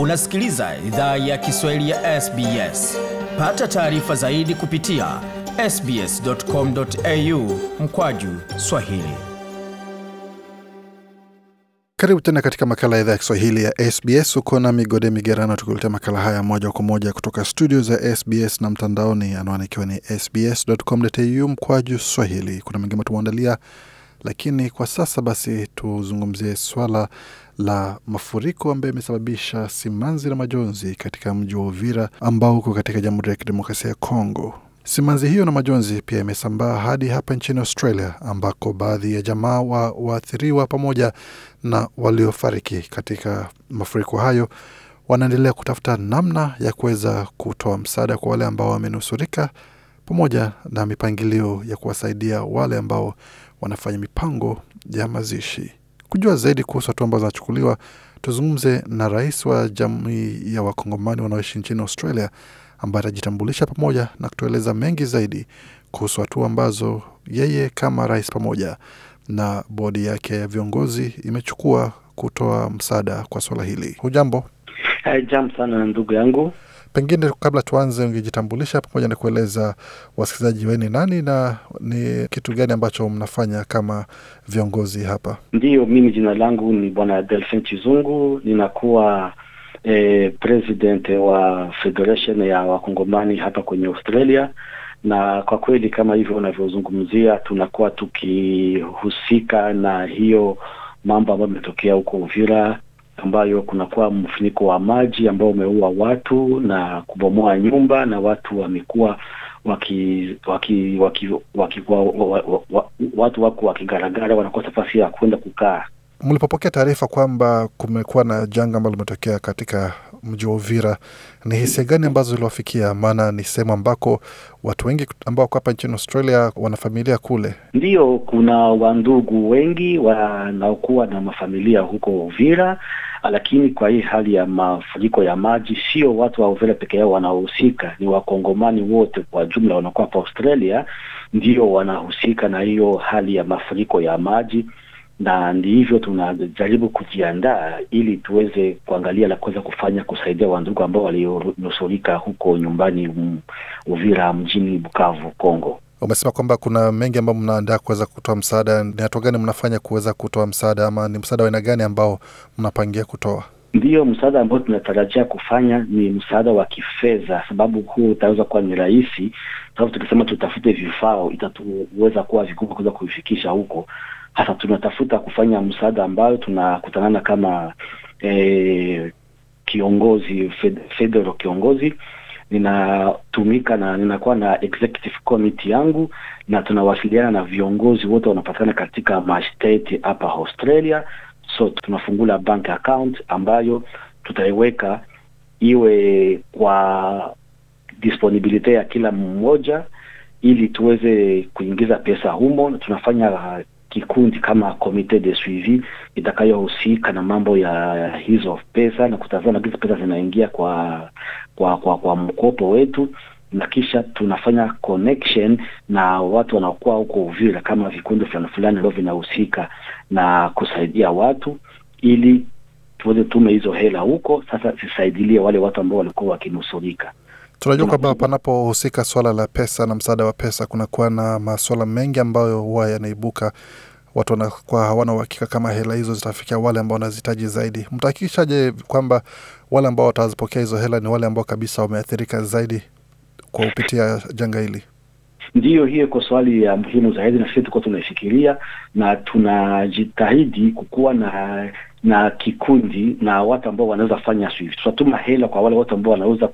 Unasikiliza idhaa ya Kiswahili ya SBS. Pata taarifa zaidi kupitia sbs.com.au mkwaju swahili. Karibu tena katika makala ya idhaa ya Kiswahili ya SBS. Uko na Migode Migerano tukuletea makala haya moja kwa moja kutoka studio za SBS na mtandaoni, anaanikiwa ni sbs.com.au mkwaju swahili. Kuna mengi matumeandalia lakini kwa sasa basi tuzungumzie swala la mafuriko ambayo imesababisha simanzi na majonzi katika mji wa Uvira ambao uko katika Jamhuri ya Kidemokrasia ya Kongo. Simanzi hiyo na majonzi pia imesambaa hadi hapa nchini Australia, ambako baadhi ya jamaa wa waathiriwa pamoja na waliofariki katika mafuriko hayo wanaendelea kutafuta namna ya kuweza kutoa msaada kwa wale ambao wamenusurika, pamoja na mipangilio ya kuwasaidia wale ambao wanafanya mipango ya mazishi. Kujua zaidi kuhusu hatua ambazo zinachukuliwa, tuzungumze na rais wa jamii ya wakongomani wanaoishi nchini Australia, ambaye atajitambulisha pamoja na kutueleza mengi zaidi kuhusu hatua ambazo yeye kama rais pamoja na bodi yake ya viongozi imechukua kutoa msaada kwa suala hili. Hujambo? Eh, jambo sana ndugu yangu. Pengine kabla tuanze, ungejitambulisha pamoja na kueleza wasikilizaji weni nani na ni kitu gani ambacho mnafanya kama viongozi hapa? Ndiyo, mimi jina langu ni Bwana Delfin Chizungu, ninakuwa eh, president wa federation ya wakongomani hapa kwenye Australia na kwa kweli kama hivyo unavyozungumzia, tunakuwa tukihusika na hiyo mambo ambayo imetokea huko Uvira ambayo kunakuwa mfuniko wa maji ambao umeua watu na kubomoa nyumba na watu wamekuwa waki waki waki, waki wa, wa, wa, wa, watu wako wakigaragara, wanakosa nafasi ya kwenda kukaa. Mlipopokea taarifa kwamba kumekuwa na janga ambalo limetokea katika mji wa Uvira, ni hisia gani ambazo iliwafikia? Maana ni sehemu ambako watu wengi ambao wako hapa nchini Australia wanafamilia kule. Ndiyo, kuna wandugu wengi wanaokuwa na mafamilia huko Uvira, lakini kwa hii hali ya mafuriko ya maji, sio watu wa Uvira peke yao wanaohusika, ni wakongomani wote kwa jumla wanaokuwa hapa Australia ndio wanahusika na hiyo hali ya mafuriko ya maji na ndivyo tunajaribu kujiandaa ili tuweze kuangalia la kuweza kufanya kusaidia wandugu ambao walionusurika huko nyumbani Uvira mjini Bukavu, Kongo. Umesema kwamba kuna mengi ambayo mnaandaa kuweza kutoa msaada. Ni hatua gani mnafanya kuweza kutoa msaada, ama ni msaada wa aina gani ambao mnapangia kutoa? Ndiyo, msaada ambao tunatarajia kufanya ni msaada wa kifedha, sababu huu utaweza kuwa ni rahisi, sababu tukisema tutafute vifao itatuweza kuwa vikubwa kuweza kuifikisha huko. Hasa tunatafuta kufanya msaada ambayo tunakutanana kama e, kiongozi fed, federal kiongozi ninatumika na ninakuwa na executive committee yangu na tunawasiliana na viongozi wote wanapatikana katika mashteti hapa Australia So tunafungula bank account ambayo tutaiweka iwe kwa disponibility ya kila mmoja, ili tuweze kuingiza pesa humo. Tunafanya kikundi kama komite de suivi itakayohusika na mambo ya hizo pesa na kutazama hizo pesa zinaingia kwa kwa, kwa, kwa mkopo wetu na kisha tunafanya connection na watu wanaokuwa huko Uvira, kama vikundi fulani fulani ambavyo vinahusika na kusaidia watu ili tuweze tume hizo hela huko sasa zisaidilie wale watu ambao walikuwa wakinusurika. Tunajua kwamba panapohusika swala la pesa na msaada wa pesa, kunakuwa na maswala mengi ambayo huwa yanaibuka. Watu wanakuwa hawana uhakika kama hela hizo zitafikia wale ambao wanazihitaji zaidi. Mtahakikishaje kwamba wale ambao watazipokea hizo hela ni wale ambao kabisa wameathirika zaidi kwa kupitia janga hili? Ndiyo, hiyo iko swali ya muhimu zaidi, na sisi tuko tunaifikiria na tunajitahidi kukuwa na na kikundi na watu ambao wanaweza fanya swift. Tutatuma hela kwa wale watu ambao wanaweza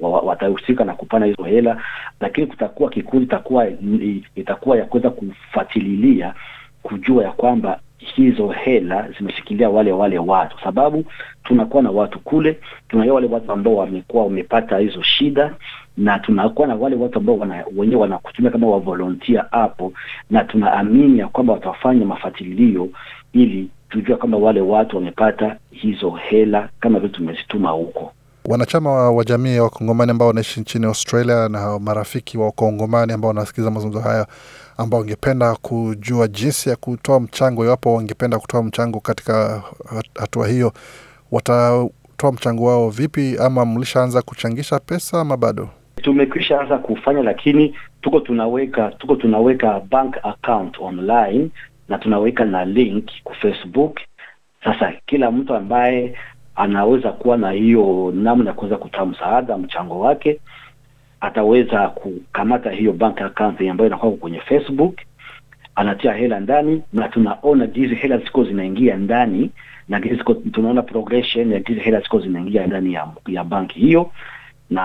watahusika na kupana hizo hela, lakini kutakuwa kikundi itakuwa ya kuweza kufatililia kujua ya kwamba hizo hela zimeshikilia wale wale watu, sababu tunakuwa na watu kule, tunakuwa wale watu ambao wamekuwa wamepata hizo shida, na tunakuwa na wale watu ambao wana, wenyewe wanakutumia kama wa volunteer hapo, na tunaamini ya kwamba watafanya mafatilio ili tujue kwamba wale watu wamepata hizo hela kama vile tumezituma huko. Wanachama wa, wa jamii ya wakongomani ambao wanaishi nchini Australia na marafiki wa wakongomani ambao wanasikiza mazungumzo haya ambao wangependa kujua jinsi ya kutoa mchango, iwapo wangependa kutoa mchango katika hatua hiyo, watatoa mchango wao vipi? Ama mlishaanza kuchangisha pesa ama bado? Tumekwisha anza kufanya, lakini tuko tunaweka tuko tunaweka bank account online na tunaweka na link ku Facebook. Sasa kila mtu ambaye anaweza kuwa na hiyo namna ya kuweza kutoa msaada mchango wake ataweza kukamata hiyo bank account ambayo inakuwa kwenye Facebook, anatia hela ndani na tunaona jinsi hela ziko zinaingia ndani na jinsi tunaona progression ya jinsi hela ziko zinaingia ndani ya, ya banki hiyo, na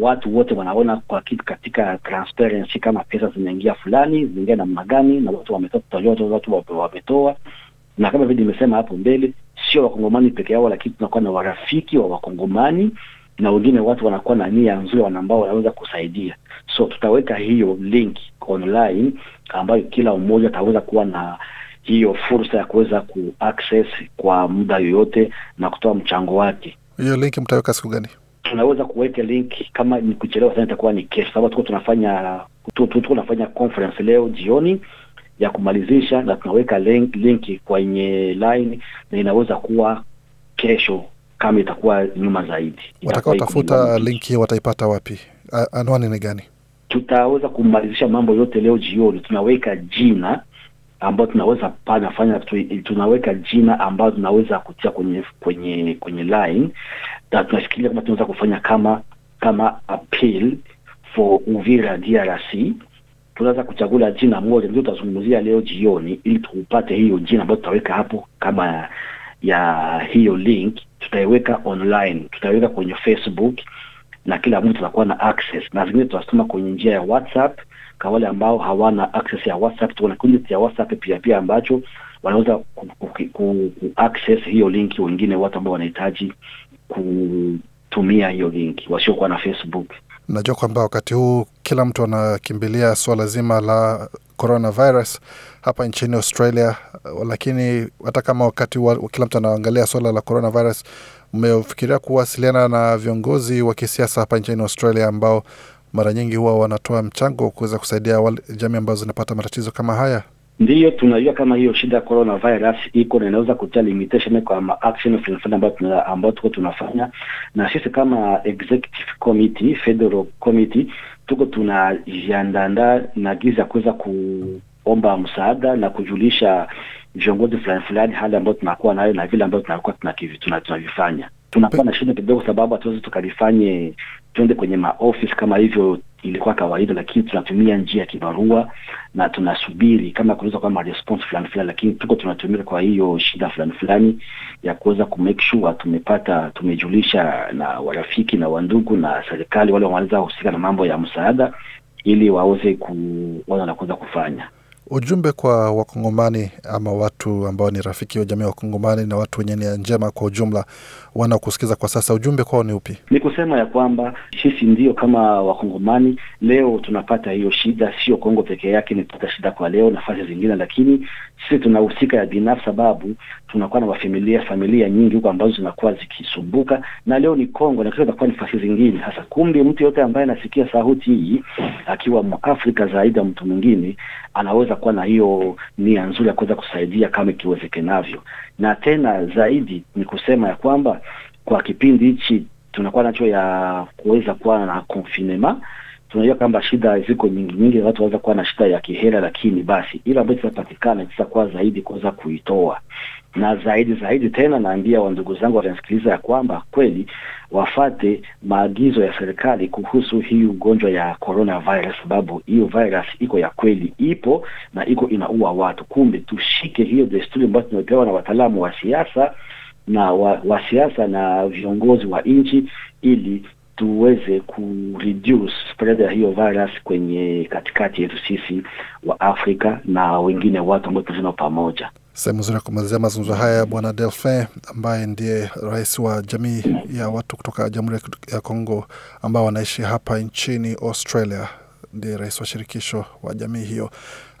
watu wote wanaona kwa katika transparency kama pesa zinaingia fulani zinaingia namna gani, na watu wametoa, watu wametoa, na kama vile nimesema hapo mbele, sio wakongomani peke yao, lakini tunakuwa na warafiki wa wakongomani na wengine watu wanakuwa na nia nzuri ambao wanaweza kusaidia. So tutaweka hiyo link online ambayo kila mmoja ataweza kuwa na hiyo fursa ya kuweza ku kwa muda yoyote na kutoa mchango wake. Hiyo link mtaweka siku gani? Tunaweza kuweka link, kama ni kuchelewa sana itakuwa ni kesho, sababu tuko tunafanya tuko tunafanya conference leo jioni ya kumalizisha, na tunaweka link, link kwenye line na inaweza kuwa kesho kama itakuwa nyuma zaidi. Watakaotafuta linki wataipata wapi? Anwani ni gani? Tutaweza kumalizisha mambo yote leo jioni. Tunaweka jina ambayo tunaweza pana fanya tunaweka jina ambayo tunaweza kutia kwenye kwenye kwenye line, na tunashikilia kama tunaweza kufanya kama kama appeal for Uvira DRC. Tunaweza kuchagula jina moja ndio tutazungumzia leo jioni, ili tuupate hiyo jina ambayo tutaweka hapo kama ya hiyo link tutaiweka online, tutaiweka kwenye Facebook na kila mtu atakuwa na access, na zingine tutazituma kwenye njia ya WhatsApp kwa wale ambao hawana access ya WhatsApp. tuna kundi ya cha WhatsApp pia pia ambacho wanaweza ku, ku, ku, ku access hiyo linki, wengine watu ambao wanahitaji kutumia hiyo linki wasiokuwa na Facebook. Najua kwamba wakati huu kila mtu anakimbilia suala zima la coronavirus hapa nchini Australia, lakini hata kama wakati wa, kila mtu anaangalia suala la coronavirus, mmefikiria kuwasiliana na viongozi wa kisiasa hapa nchini Australia ambao mara nyingi huwa wanatoa mchango kuweza kusaidia jamii ambazo zinapata matatizo kama haya? Ndiyo tunajua kama hiyo shida ya coronavirus iko na inaweza kutia limitation kwa ma action fulani ambayo tuna ambayo tuko tunafanya, na sisi kama executive committee, federal committee tuko tunajiandaa na giza kuweza kuomba msaada na kujulisha viongozi fulani fulani hali ambayo tunakuwa nayo na vile ambavyo tunakuwa tunavifanya. Tunakuwa na shida kidogo, sababu hatuwezi tukalifanye tuende kwenye maofisi kama hivyo ilikuwa kawaida, lakini tunatumia njia ya kibarua na tunasubiri kama kunaweza kuwa response fulani fulani, lakini tuko tunatumia kwa hiyo shida fulani fulani ya kuweza ku make sure tumepata, tumejulisha na warafiki na wandugu na serikali wale wanaweza husika na mambo ya msaada, ili waweze kuona na kuweza kufanya Ujumbe kwa Wakongomani ama watu ambao ni rafiki wa jamii wa Wakongomani na watu wenye nia njema kwa ujumla wanaokusikiza kwa sasa, ujumbe kwao ni upi? Ni kusema ya kwamba sisi ndio kama Wakongomani leo tunapata hiyo shida, sio Kongo pekee yake imepata shida kwa leo, nafasi zingine, lakini sisi tunahusika ya binafsi, sababu tunakuwa na wafamilia familia nyingi huko ambazo zinakuwa zikisumbuka, na leo ni Kongo na kesho itakuwa nafasi zingine. Hasa kumbi. mtu yote ambaye anasikia sauti hii akiwa Mwafrika zaidi ya mtu mwingine anaweza kuwa na hiyo nia nzuri ya kuweza kusaidia kama ikiwezekanavyo, na tena zaidi ni kusema ya kwamba kwa kipindi hichi tunakuwa nacho ya kuweza kuwa na confinement tunajua kwamba shida ziko nyingi nyingi, watu waweza kuwa na shida ya kihela, lakini basi ile ambayo tunapatikana tutakuwa zaidi kuweza kuitoa na zaidi zaidi tena, naambia wandugu zangu watanisikiliza ya kwamba kweli wafate maagizo ya serikali kuhusu hii ugonjwa ya coronavirus, sababu hiyo virus iko ya kweli, ipo na iko inaua watu. Kumbe tushike hiyo desturi ambayo tumepewa na wataalamu wa siasa na wa, wa siasa na viongozi wa nchi ili tuweze kureduce spread ya hiyo virus kwenye katikati yetu sisi wa Afrika na wengine watu ambao tunao pamoja. Sehemu nzuri ya kumalizia mazungumzo haya, Bwana Delfin ambaye ndiye rais wa jamii ya watu kutoka Jamhuri ya Kongo ambao wanaishi hapa nchini Australia ndiye rais wa shirikisho wa jamii hiyo,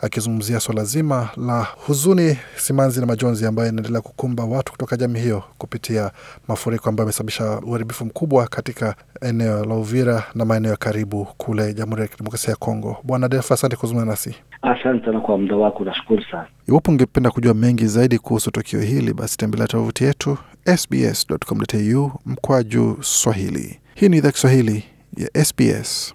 akizungumzia swala zima la huzuni, simanzi na majonzi ambayo inaendelea kukumba watu kutoka jamii hiyo kupitia mafuriko ambayo amesababisha uharibifu mkubwa katika eneo la Uvira na maeneo ya karibu kule Jamhuri ya Kidemokrasia ya Kongo. Bwana Defa, asante kuzungumza nasi. Asante sana kwa muda wako, nashukuru sana. Iwapo ungependa kujua mengi zaidi kuhusu tukio hili, basi tembelea tovuti yetu sbs.com.au mkwaju Swahili. Hii ni idhaa Kiswahili ya SBS.